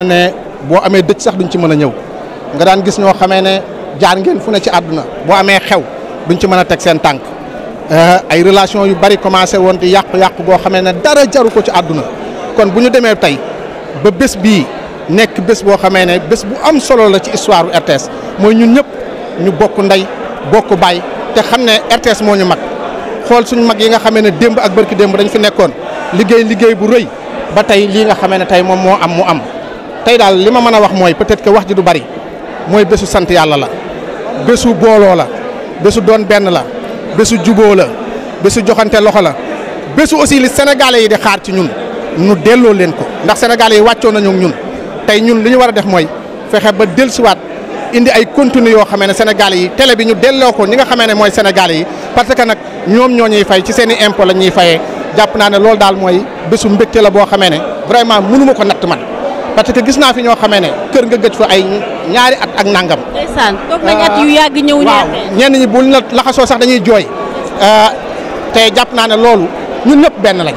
ne boo amee dëj sax duñ ci mën a ñëw nga daan gis ñoo xamee ne jaar ngeen fu ne ci àdduna boo amee xew duñ ci mën a teg seen tànk eh, ay relation yu bari commencé woon di yàqu-yàqu goo xamee ne dara jaru ko ci àdduna kon bu ñu demee tey ba bés bii nekk bés boo xamee ne bés bu am solo la ci histoire bu RTS mooy ñun ñëpp ñu bokk ndey bokk baay te xam ne RTS moo ñu mag xool suñu mag yi nga xamee ne démb ak bërki démb dañu fi nekkoon liggéey liggéey bu rëy ba tey lii nga xamee ne tey moom moo am mu am tey daal li ma mën a wax mooy peut-être que wax ji du bari mooy bésu sant yàlla la bésu booloo la bésu doon benn la bésu juboo la bésu joxante loxo la bésu aussi li sénégalais yi di xaar ci ñun ñu delloo leen ko ndax sénégalais yi wàccoo nañu ñun tey ñun li ñu war a def mooy fexe ba dellusiwaat indi ay contenu yoo xamee ne sénégalais yi télé bi ñu delloo ko ñi nga xamee ne mooy sénégalais yi parce que nag ñoom ñoo ñuy fay ci seen i impôt la ñuy fayee jàpp naa ne loolu daal mooy bésu mbégte la boo xamee ne vraiment mënuma ko natt man parce que gis naa fi ñoo xamee ne kër nga gëj ay ñaari at ak nangam. ndeysaan yu yàgg ñëw. waaw ñenn ñi buñ nag laxasoo sax dañuy jooy. Euh, te jàpp naa ne loolu ñun ñëpp benn lañ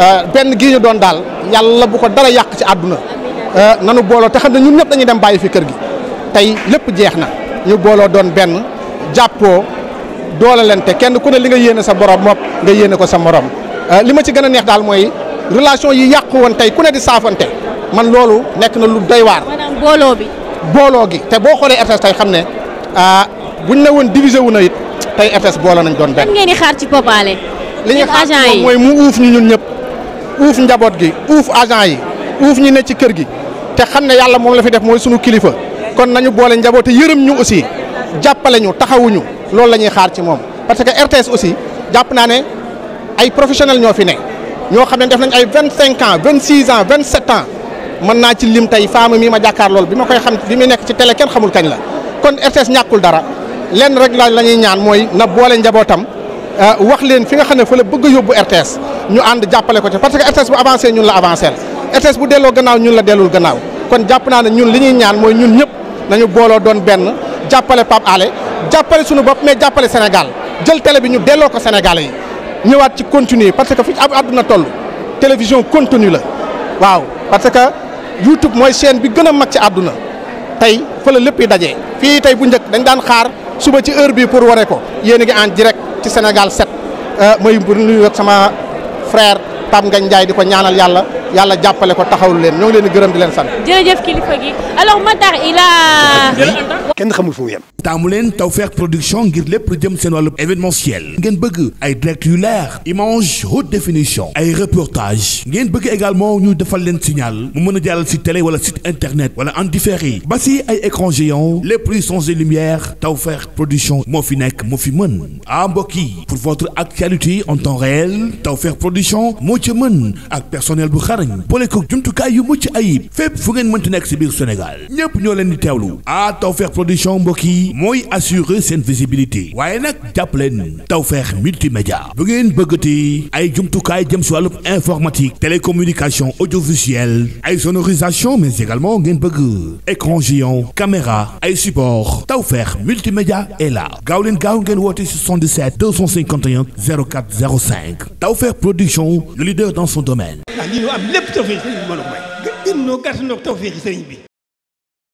euh, benn gii ñu doon daal yàlla bu ko dara yàq ci àdduna. Euh, nanu booloo te xam ne ñun ñëpp dañuy dem bàyyi fi kër gi tey lépp jeex na ñu booloo doon benn jàppoo doole leen kenn ku ne li nga yéene sa borom moom nga yéene ko sa morom li ma ci gën a neex daal mooy relation yi yàqu woon tey ku ne di saafante. man loolu nekk na lu doy waar. maanaam booloo gi te boo xoolee RTS tey xam ne ah, buñ ne woon divisé wu na it tey RTS booloo nañ doon benn. ngeen di xaar ci Popale. li ñu xaar ci moom mooy mu uuf ñu ñëpp uuf njaboot gi uuf agent yi uuf ñi ne ci kër gi te xam ne yàlla moom la fi def mooy sunu kilifa kon nañu boole njaboot yërëm ñu aussi jàppale ñu taxawuñu loolu la ñuy xaar ci moom parce que RTS aussi jàpp naa ne ay professionnels ñoo fi ne ñoo xam ne nañ ay vingt cinq ans vingt ans vingt sept ans. man naa ci lim tey faama mii ma jàkkaar lool bi ma koy xam bi mu nekk ci télé kenn xamul kañ la kon RTS ñàkkul dara lenn rek la la ñuy ñaan mooy na boole njabootam euh, wax leen fi nga xam ne fa la bëgg yóbbu RTS ñu ànd jàppale ko ci parce que RTS bu avancé ñun la avancé la bu delloo gannaaw ñun la dellul gannaaw kon jàpp naa ne ñun li ñuy ñaan mooy ñun ñëpp nañu booloo doon benn jàppale Pape ale jàppale suñu bopp mais jàppale Sénégal jël télé bi ñu delloo ko Sénégalais yi ci continuer parce que fi àdduna toll télévision continue la waaw YouTube mooy chaîne bi gën a mag ci àdduna tey fa la lépp daje fii tey bu njëkk dañ daan xaar suba ci heure bii pour wane ko yéen gi ngi en direct ci Sénégal 7 euh, may nuyu ak sama frère Pape Ngagne Ndiaye di ko ñaanal yàlla. yàlla jàppale ko taxawlu leen ñoo leen gërëm di leen sant. jërëjëf kilifa gi alors Matar il a. kenn xamul fu mu yem. taamu leen Tawfekh production ngir lépp lu jëm seen wàllu événementiel ngeen bëgg ay direct yu leer image haute définition ay reportage ngeen bëgg également ñu defal leen signal mu mën a jàllal si télé wala site internet wala en différé ba si ay écran géant lépp luy son et lumière Tawfekh production moo fi nekk moo fi mën ah mbokk yi pour votre actualité en temps réel Tawfekh production moo ci mën xarañ boole ko jumtukaay yu mucc ayib fépp fu ngeen mënti nekk si biir Sénégal ñépp ñoo leen di teewlu ah Tawfekh production mbokk yi mooy assurer seen visibilité waaye nag jàpp leen Tawfekh multimédia bu ngeen bëggati ay jumtukaay jëm si wàllu informatique télécommunication audiovisuelle ay sonorisation mais également ngeen bëgg écran géant caméra ay support Tawfekh multimédia est là gaaw leen gaaw ngeen woote 77 251 04 05 Tawfekh production le leader dans son domaine ndax lii am lépp tawfeex sëriñ bi mën a ko may. gën noo gàtt noo tawfeex bi.